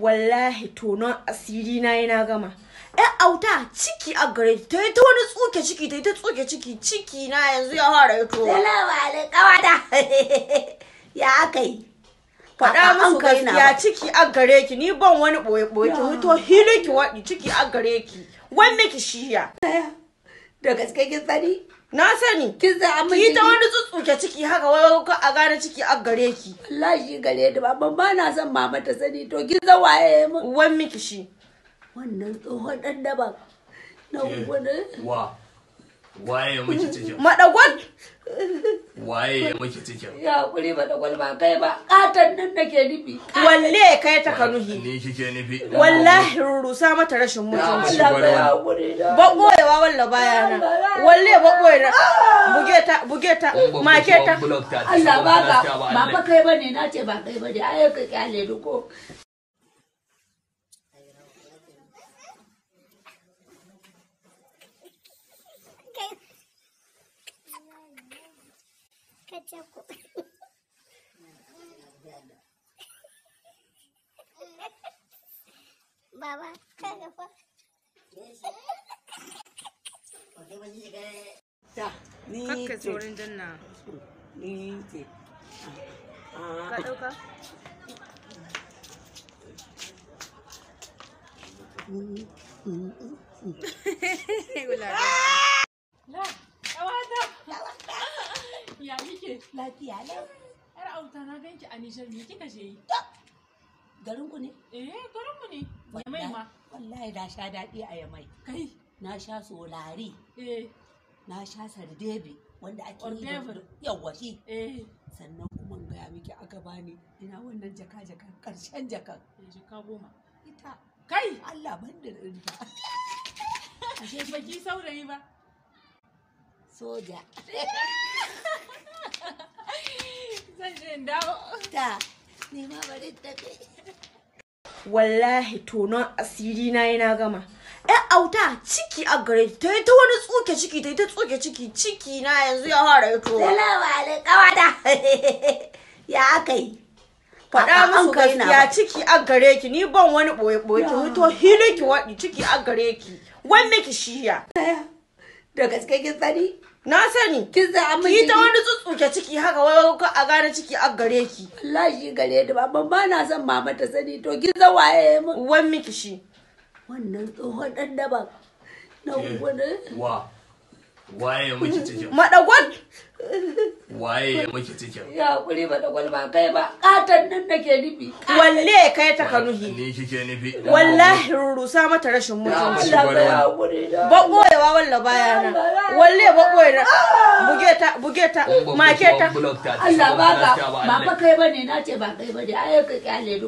wallahi tonon asiri na yana gama ya auta ciki a gare ta yi ta wani tsoke ciki ta yi ta tsoke ciki ciki na yanzu ya fara yi tuwa salamu alaikum ya aka yi faɗa musu gaskiya ciki a gare ki ni ban wani boye boye ki huto hili ki waɗi ciki a gare ki wani ki shiya da gaske ki sani na sani kin za mu ki ta wani tsutsuke ciki haka wai ko a gane ciki a gare ki wallahi gare da baban ba na son mama ta sani to kin za waye mu wan miki shi wannan tsohon dan daban na eh, waye miki cikin madagwal waye miki cikin ya kuri madagwal ba kai ba katan nan nake nufi walle kai ta ka nuhi ni kike nufi wallahi rurusa mata rashin mutunci ba koyewa walla baya na walle ba koyewa ah! buge ta buge ta make ba ka ba kai bane na ce ba kai bane ai ka kyale ko kacaku baba kaga fa ni danna ni ka dauka mm, mm, mm, lafiya lau. Yar auta na ganki a Nijar me kika je yi? Garin ku ne? Eh, garin ku ne. Yamai ma. Wallahi na sha daɗi a Yamai. Kai. Na sha solari. Eh. Na sha sardebi wanda ake yi da yawa shi. Eh. Sannan kuma gaya miki aka bani ina wannan jaka jaka karshen jakan. Eh, jaka goma. Ita. Kai. Allah ban da ɗinta. Ashe baki saurayi ba. Soja. zan wallahi tonon asiri na yana gama ɗan auta ciki a gare ta yi ta wani tsuke ciki ta yi ta tsuke ciki ciki na yanzu ya fara yi tuwa salamu kawata ya aka yi faɗa musu gaskiya ciki a gare ki ni ban wani ɓoye ɓoye ki huto hili ki waɗi ciki a gare ki wani ki shiya da gaske kin sani na sani kin za amma ki ta wani tsutsuke ciki haka wai ko a gane ciki a gare ki wallahi gare da ba ba na san mama ta sani to kin za waye mu wan miki shi wannan tsohon dan daban na wani eh, wa waye ci ciki madagwal waye ya maki cikin ya kuri ba da gwalba kai ba katan nan nake nufi walle kai ta ka nuhi ni kike nufi wallahi rusa mata rashin mutunci ba na ah! ta buge ta make ta Allah ba ka ba fa kai bane na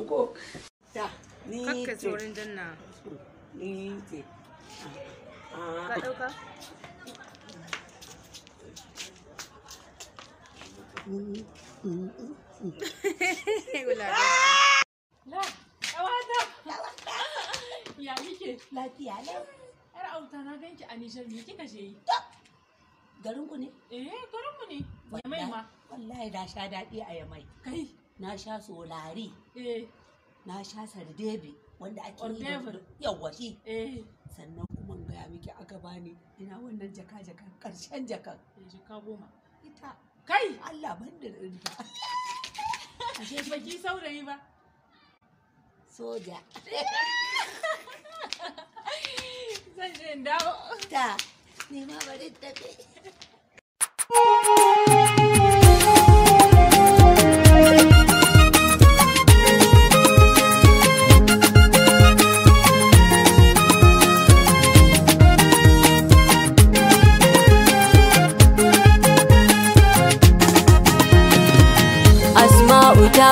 ko Ya kike? Lafiya lau. Yar auta na ganki a Nijar me kika je yi? Garin ne? Eh, garin ne. Yamai ma. Wallahi na sha daɗi a Yamai. Kai. Na sha solari. Eh. Na sha sardebe wanda ake yi da yawa shi. Sannan kuma in gaya miki aka bani ina wannan jaka jaka karshen jaka. Jaka goma. Ita kai Allah ban da rinta ashe baki saurayi ba soja zan je dawo ta ne ma bari tafi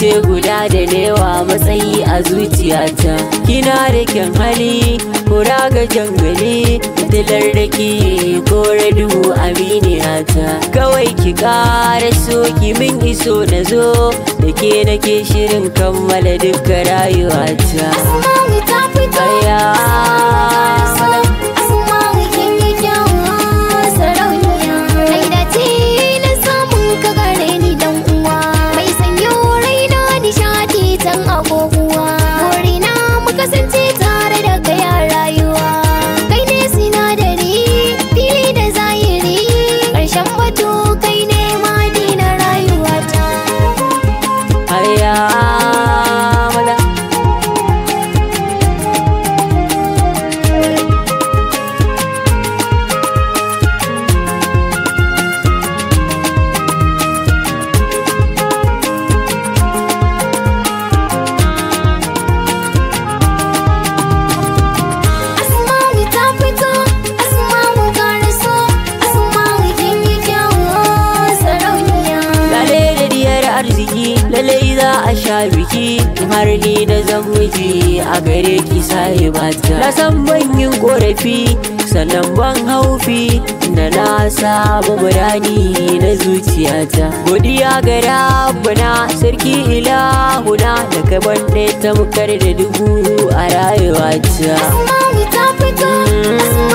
ce guda da newa matsayi a zuciyata kina da kyan hali kura ga jangali fitilar da ke kore duhu aminiyata kawai ki kara so ki min iso na zo da ke na ke shirin kammala duka rayuwata aya ta ki har ni da zamuji a gare ki sai ta na san manyan korafi sannan ban haufi da na sabu burani na zuciyata godiya ga rabbana sarki ilahuna da kaban ɗaya tamkar da dubu a rayuwata ta mm.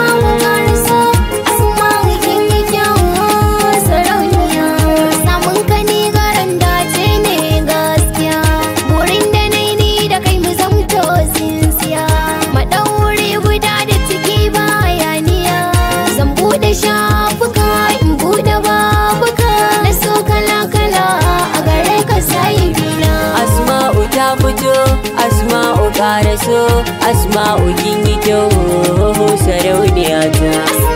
ƙara so asma'u kin yi kyau sarauniya ta